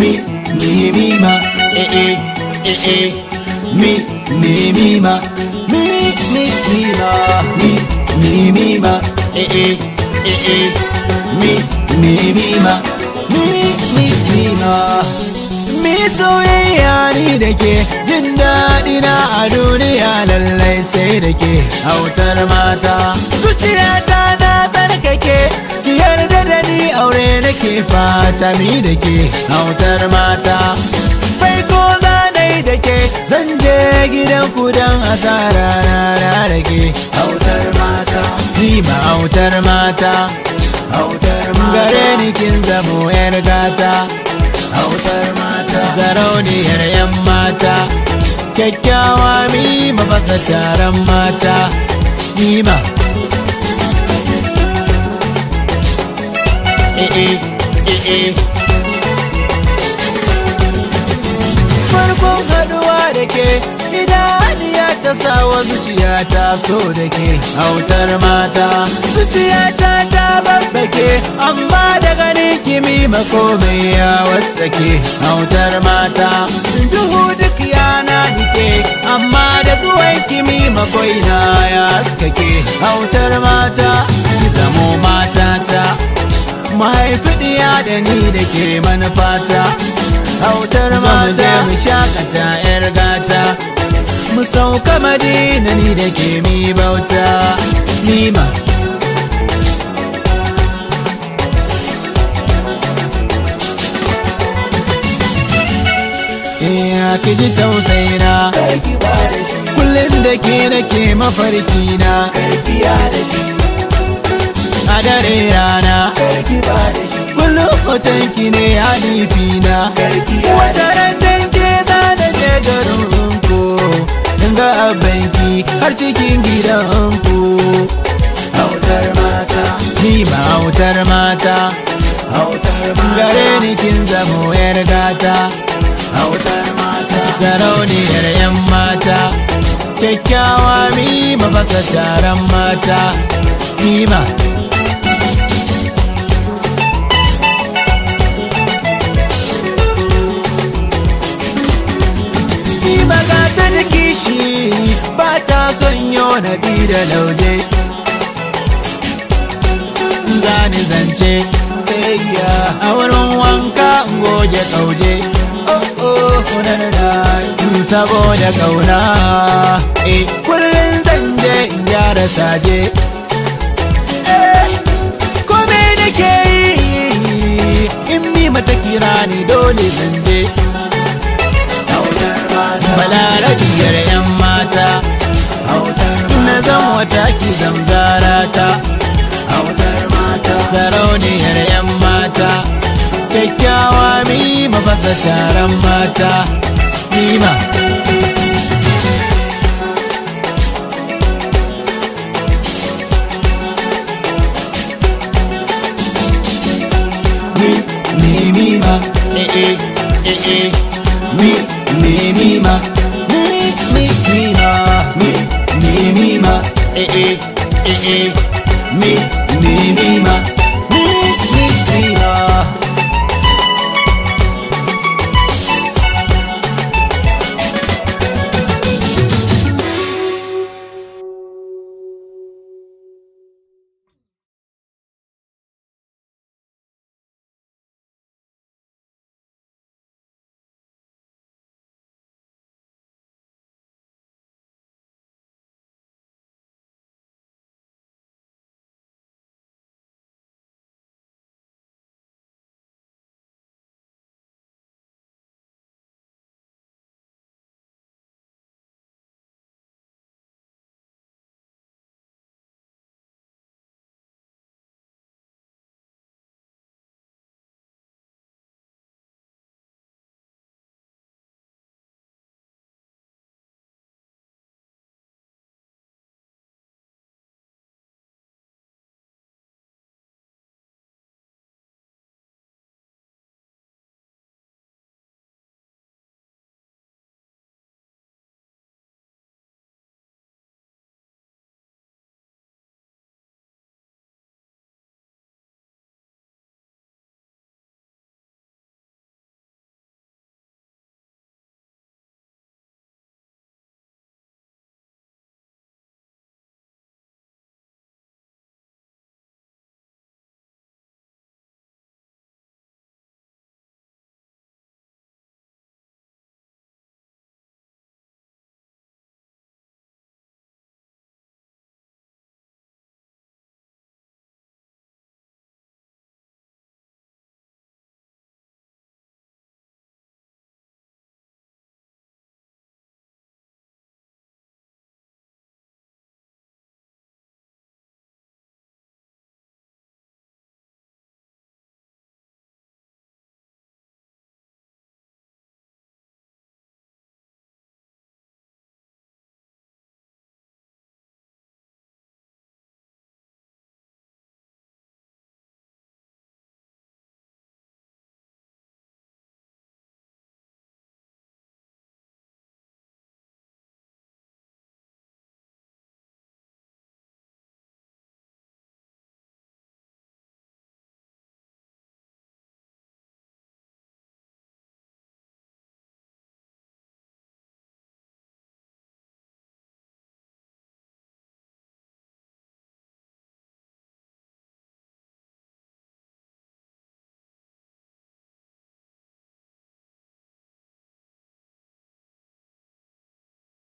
mi mi mi ma eh eh, eh eh mi mi mi ma mi mi mi ma mi mi mi ma eh eh mi eh, mi mi mi ma mi mi mi ma mi soyayya ni da ke jin daɗi na a duniya lallai sai da ke hautar mata zuciyata nake fata mi da ke hautar mata bai ko zanai da ke zan je gidan ku don asara na da ke hautar mata ni ma hautar mata hautar mata gare ni kin zamo yar gata hautar mata sarauniyar yan mata kyakkyawa mi mafasa taron mata ni ma farkon haduwa da ke ya ta sawa zuciya ta so da ke hautar mata zuciya ta ta babbake amma da ganin kimi makomai ya wasake hautar mata duhu duk yana nike amma da zuwan kimi makoina ya askake hautar mata ki zamo mata ɗiya da ni da ke manufata hautar mata mu shakata yar gata mu sauka madina ni da ke mi bauta nima Iya ki ji tausayina kullum da ke nake mafarki na a dare rana ki ba da shi kullum hoton ki ne nufi na wata ran ke za da je garin ku dinga banki har cikin gidan ku autar mata ni ma autar mata hautar mata gare ni kin zamo yar gata autar mata yar yan mata kyakkyawa mi fasa taron mata mima naɗi da lauje zani zance a wurin wanka goge kauje oh, oh, saboda kauna eh, kullum zanje in gyara saje eh, kome da ke yi in bi mata kira ni dole je. balarabi yar yan wata ki a wutar mata sarauniyar yan mata kyakkyawa mima fasa taron mata mima